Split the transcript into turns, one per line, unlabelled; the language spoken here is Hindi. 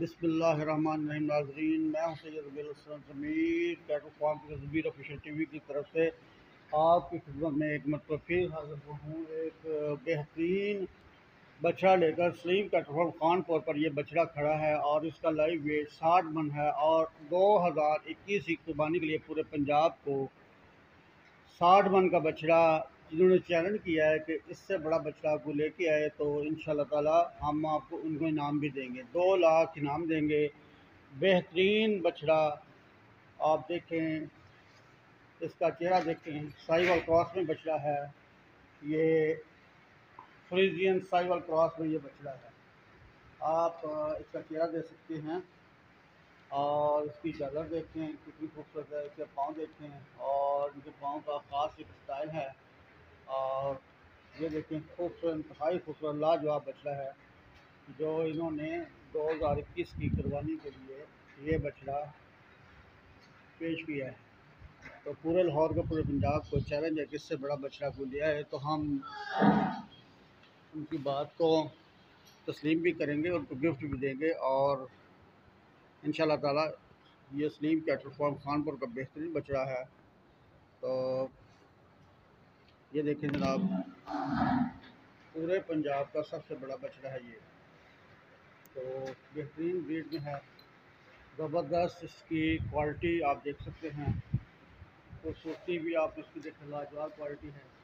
बिसमीम नाजरीन मैं Saeed platform Tasveer official T V की तरफ से आपकी खिदमत में एक मतलब फिर हाजिर हूँ एक बेहतरीन बछड़ा लेकर सलीम पेट्रोल खानपुर पर यह बछड़ा खड़ा है और इसका लाइव वेट साठ मन है और दो हज़ार इक्कीस की कुर्बानी के लिए पूरे पंजाब को साठ मन का बछड़ा जिन्होंने चैलेंज किया है कि इससे बड़ा बछड़ा आपको लेके आए तो इन ताला हम आपको उनको इनाम भी देंगे दो लाख इनाम देंगे बेहतरीन बछड़ा आप देखें इसका चेहरा देखें साइवल क्रॉस में बछड़ा है ये फ्रीजियन साइवल क्रॉस में ये बछड़ा है
आप इसका
चेहरा दे सकते हैं और इसकी चादर देखें कितनी खूबसूरत है इसके पाँव देखें और इनके पाँव का ख़ास एक स्टाइल है ये
देखें खूबसूरत इंतहाई खूबसूरत लाजवाब बछड़ा है जो इन्होंने दो हज़ार इक्कीस की कुर्बानी के लिए ये बछड़ा पेश किया है तो पूरे लाहौर का पूरे पंजाब को चैलेंज है किससे बड़ा बछड़ा को लिया है तो हम उनकी बात को तस्लीम भी करेंगे उनको गिफ्ट भी देंगे और इन ताला ये सलीम कैटल फॉर्म खानपुर का बेहतरीन बछड़ा है तो ये देखें जनाब पूरे पंजाब का सबसे बड़ा बछड़ा है ये तो बेहतरीन ब्रीड में है ज़बरदस्त इसकी क्वालिटी आप देख सकते हैं खूबसूरती भी आप इसकी देखें लाजवाब क्वालिटी है